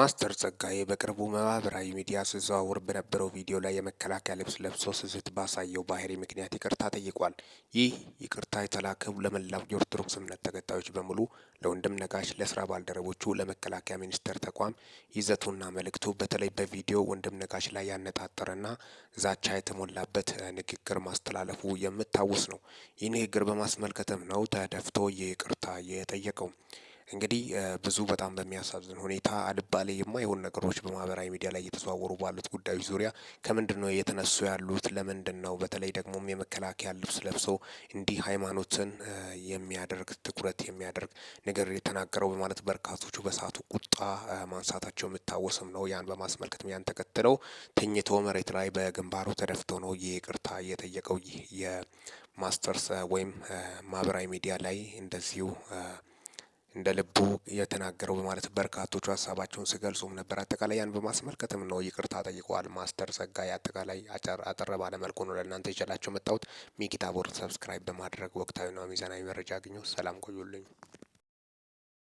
ማስተር ጸጋዬ በቅርቡ ማህበራዊ ሚዲያ ሲዘዋወር በነበረው ቪዲዮ ላይ የመከላከያ ልብስ ለብሶ ስዝት ባሳየው ባህሪ ምክንያት ይቅርታ ጠይቋል። ይህ ይቅርታ የተላከው ለመላው የኦርቶዶክስ እምነት ተከታዮች በሙሉ ለወንድም ነጋሽ፣ ለስራ ባልደረቦቹ፣ ለመከላከያ ሚኒስቴር ተቋም ይዘቱና መልእክቱ በተለይ በቪዲዮ ወንድም ነጋሽ ላይ ያነጣጠረና ዛቻ የተሞላበት ንግግር ማስተላለፉ የምታወስ ነው። ይህ ንግግር በማስመልከትም ነው ተደፍቶ ይቅርታ የጠየቀው። እንግዲህ ብዙ በጣም በሚያሳዝን ሁኔታ አልባሌ የማይሆን ነገሮች በማህበራዊ ሚዲያ ላይ እየተዘዋወሩ ባሉት ጉዳዮች ዙሪያ ከምንድን ነው የተነሱ ያሉት? ለምንድን ነው በተለይ ደግሞም የመከላከያ ልብስ ለብሶ እንዲህ ሃይማኖትን የሚያደርግ ትኩረት የሚያደርግ ነገር የተናገረው በማለት በርካቶቹ በሰዓቱ ቁጣ ማንሳታቸው የምታወስም ነው። ያን በማስመልከት ያን ተከትለው ተኝቶ መሬት ላይ በግንባሩ ተደፍቶ ነው ይቅርታ እየጠየቀው ይህ የማስተርስ ወይም ማህበራዊ ሚዲያ ላይ እንደዚሁ እንደ ልቡ የተናገረው በማለት በርካቶቹ ሀሳባቸውን ሲገልጹም ነበር። አጠቃላይ ያን በማስመልከትም ነው ይቅርታ ጠይቀዋል ማስተር ጸጋይ። አጠቃላይ አጠረ ባለ መልኩ ነው ለእናንተ ይዤላቸው መጣሁት። ሚኪታቦር ሰብስክራይብ በማድረግ ወቅታዊና ሚዛናዊ መረጃ አግኘው። ሰላም ቆዩልኝ።